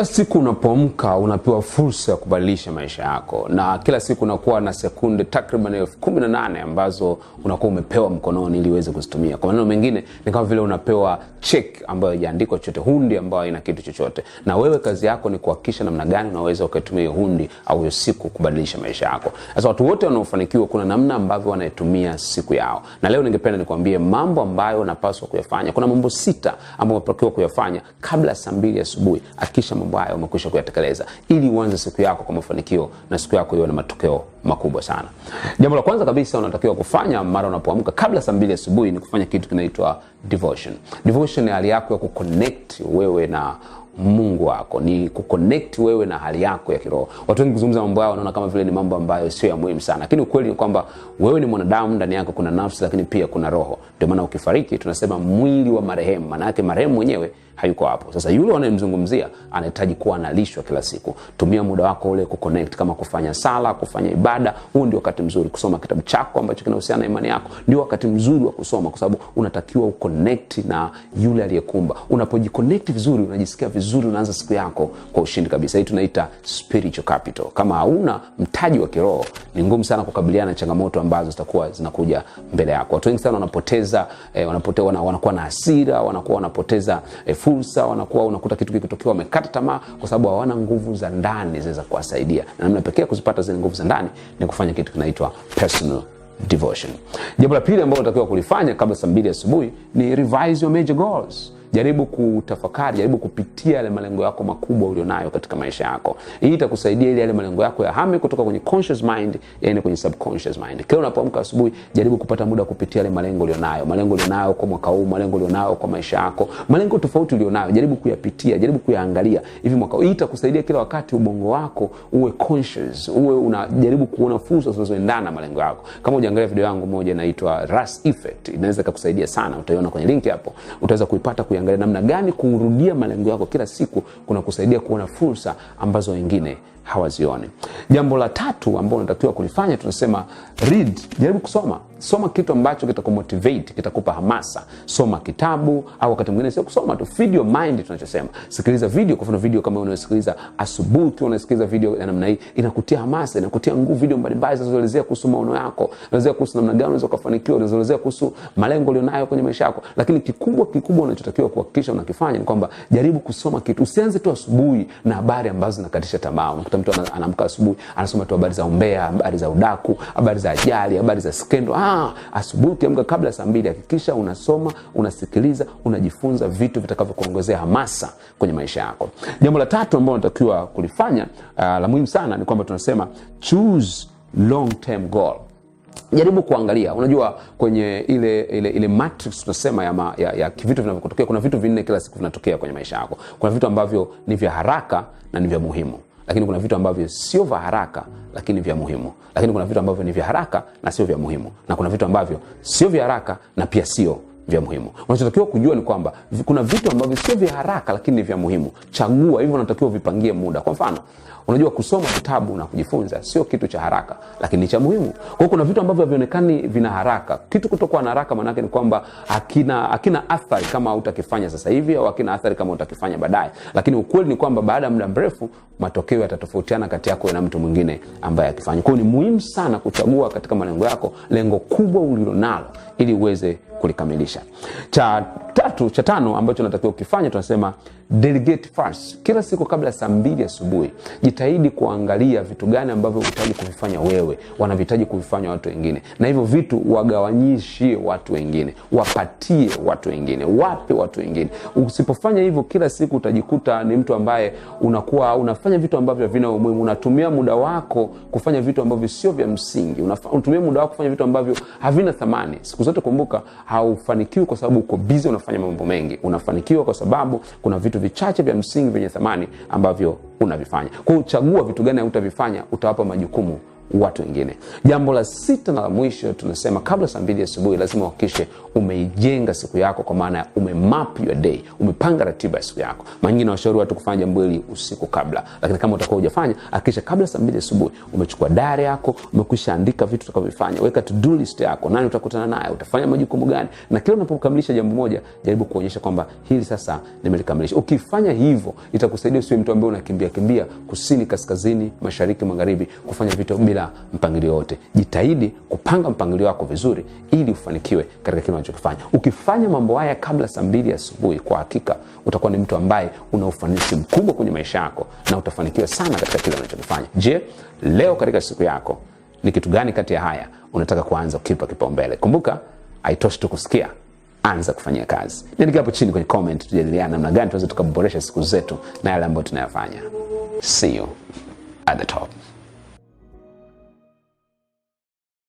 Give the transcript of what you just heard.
Kila siku unapoamka unapewa fursa ya kubadilisha maisha yako, na kila siku unakuwa na sekunde takriban elfu kumi na nane ambazo unakuwa umepewa mkononi ili uweze kuzitumia. Kwa maneno mengine, ni kama vile unapewa check ambayo haijaandikwa chochote, hundi ambayo ina kitu chochote, na wewe kazi yako ni kuhakikisha namna gani unaweza ukaitumia hiyo hundi au hiyo siku kubadilisha maisha yako. Sasa watu wote wanaofanikiwa, kuna namna ambavyo wanaitumia siku yao, na leo ningependa nikwambie mambo ambayo unapaswa kuyafanya. Kuna mambo sita ambayo unatakiwa kuyafanya kabla saa mbili asubuhi. Hakikisha ambayo umekwisha kuyatekeleza, ili uanze siku yako kwa mafanikio na siku yako iwe na matokeo makubwa sana. Jambo la kwanza kabisa unatakiwa kufanya mara unapoamka kabla saa mbili asubuhi ni kufanya kitu kinaitwa devotion. Devotion ni hali yako ya kuconnect wewe na Mungu wako, ni kuconnect wewe na hali yako ya kiroho. Watu wengi kuzungumza mambo yao wanaona kama vile ni mambo ambayo sio ya muhimu sana, lakini ukweli ni kwamba wewe ni mwanadamu, ndani yako kuna nafsi, lakini pia kuna roho. Ndio maana ukifariki tunasema mwili wa marehemu, maana yake marehemu mwenyewe hayuko hapo. Sasa yule wanayemzungumzia anahitaji kuwa analishwa kila siku. Tumia muda wako ule kuconnect, kama kufanya sala, kufanya ibada ibada, huu ndio wakati mzuri kusoma kitabu chako ambacho kinahusiana na imani yako. Ndio wakati mzuri wa kusoma, kwa sababu unatakiwa uconnect na yule aliyekumba. Unapojiconnect vizuri, unajisikia vizuri, unaanza siku yako kwa ushindi kabisa. Hii tunaita spiritual capital. Kama hauna mtaji wa kiroho, ni ngumu sana kukabiliana na changamoto ambazo zitakuwa zinakuja mbele yako. Watu wengi sana wanapoteza eh, wanapotea, wana, wanakuwa na hasira, wanakuwa wanapoteza eh, fursa, wanakuwa unakuta kitu kikitokea wamekata tamaa, kwa sababu hawana nguvu za ndani zinaweza kuwasaidia, na namna pekee ya kuzipata zile nguvu za ndani ni kufanya kitu kinaitwa personal devotion. Jambo la pili ambalo unatakiwa kulifanya kabla saa mbili asubuhi ni revise your major goals jaribu kutafakari, jaribu kupitia yale malengo yako makubwa ulionayo katika maisha yako. Hii itakusaidia ili yale malengo yako yahame kutoka kwenye conscious mind yaende kwenye subconscious mind. Kila unapoamka asubuhi, jaribu kupata muda kupitia yale malengo ulionayo, malengo ulionayo kwa mwaka huu, malengo ulionayo kwa maisha yako, malengo tofauti ulionayo, jaribu kuyapitia, jaribu kuyaangalia hivi mwaka huu. Hii itakusaidia kila wakati ubongo wako uwe conscious, uwe unajaribu kuona fursa zinazoendana na malengo yako. Kama ujaangalia video yangu moja inaitwa Rust Effect, inaweza ikakusaidia sana, utaiona kwenye link hapo, utaweza kuipata kuya uiangalia namna gani kurudia malengo yako kila siku kuna kusaidia kuona fursa ambazo wengine hawazioni. Jambo la tatu ambalo unatakiwa kulifanya, tunasema read, jaribu kusoma. Soma kitu ambacho kitakumotivate, kitakupa hamasa. Soma kitabu au wakati mwingine sio kusoma tu, feed your mind tunachosema. Sikiliza video, kwa mfano video kama unaosikiliza asubuhi, unasikiliza video ya namna hii inakutia hamasa, inakutia nguvu. Video mbalimbali zinazoelezea kuhusu maono yako, zinaelezea kuhusu namna gani unaweza kufanikiwa, zinaelezea kuhusu malengo ulionayo kwenye maisha yako. Lakini kikubwa kikubwa unachotakiwa kuhakikisha unakifanya ni kwamba jaribu kusoma kitu, usianze tu asubuhi na habari ambazo zinakatisha tamaa mtu anaamka asubuhi anasoma tu habari za umbea, habari za udaku, habari za ajali, habari za skendo. Ah, asubuhi ukiamka kabla saa mbili hakikisha unasoma, unasikiliza, unajifunza vitu vitakavyokuongezea hamasa kwenye maisha yako. Jambo la tatu ambalo natakiwa kulifanya, uh, la muhimu sana ni kwamba tunasema choose long term goal. Jaribu kuangalia, unajua kwenye ile ile, ile matrix tunasema ya, ma, ya, ya vitu vinavyotokea, kuna vitu vinne kila siku vinatokea kwenye maisha yako. Kuna vitu ambavyo ni vya haraka na ni vya muhimu lakini kuna vitu ambavyo sio vya haraka lakini vya muhimu, lakini kuna vitu ambavyo ni vya haraka na sio vya muhimu, na kuna vitu ambavyo sio vya haraka na pia sio vya muhimu. Unachotakiwa kujua ni kwamba kuna vitu ambavyo sio vya haraka, lakini ni vya muhimu. Chagua hivyo, unatakiwa vipangie muda. Kwa mfano, unajua kusoma kitabu na kujifunza sio kitu cha haraka, lakini ni cha muhimu. Kwa hiyo kuna vitu ambavyo havionekani vina haraka. Kitu kutokuwa na haraka maana ni kwamba hakina hakina athari kama utakifanya sasa hivi, au hakina athari kama utakifanya baadaye. Lakini ukweli ni kwamba baada ya muda mrefu matokeo yatatofautiana kati yako na mtu mwingine ambaye akifanya. Kwa hiyo ni muhimu sana kuchagua katika malengo yako lengo kubwa ulilonalo ili uweze kulikamilisha. Cha tatu cha tano ambacho natakiwa kukifanya tunasema delegate first. Kila siku kabla ya saa mbili asubuhi, jitahidi kuangalia vitu gani ambavyo unahitaji kuvifanya wewe, wanavihitaji kuvifanya watu wengine, na hivyo vitu wagawanyishie watu wengine, wapatie watu wengine, wape watu wengine. Usipofanya hivyo kila siku, utajikuta ni mtu ambaye unakuwa unafanya vitu ambavyo havina umuhimu, unatumia muda wako kufanya vitu ambavyo sio vya msingi, unatumia muda wako kufanya vitu ambavyo havina thamani. Siku zote kumbuka, haufanikiwi kwa sababu uko busy unafanya mambo mengi, unafanikiwa kwa sababu kuna vitu vichache vya msingi vyenye thamani ambavyo unavifanya. Kwa chagua uchagua vitu gani utavifanya, utawapa majukumu watu wengine. Jambo la sita na la mwisho, tunasema kabla saa mbili asubuhi lazima uhakikishe umeijenga siku yako, kwa maana umemap your day, umepanga ratiba ya siku yako. maingine washauri watu kufanya jambo hili usiku kabla, lakini kama utakuwa hujafanya, hakikisha kabla saa mbili asubuhi umechukua diary yako, umekwisha andika vitu utakavyofanya, weka to do list yako, nani utakutana naye, utafanya majukumu gani, na kila unapokamilisha jambo moja, jaribu kuonyesha kwamba hili sasa nimelikamilisha. Ukifanya hivyo, itakusaidia usiwe mtu ambaye unakimbia kimbia kusini, kaskazini, mashariki, magharibi kufanya vitu bila bila mpangilio wote. Jitahidi kupanga mpangilio wako vizuri ili ufanikiwe katika kile unachokifanya. Ukifanya mambo haya kabla saa mbili asubuhi, kwa hakika utakuwa ni mtu ambaye una ufanisi mkubwa kwenye maisha yako na utafanikiwa sana katika kile unachokifanya. Je, leo katika siku yako ni kitu gani kati ya haya unataka kuanza kukipa kipaumbele? Kumbuka, haitoshi tu kusikia, anza kufanyia kazi. Niandike hapo chini kwenye comment, tujadiliana namna gani tunaweza tukaboresha siku zetu na yale ambayo tunayafanya. See you at the top.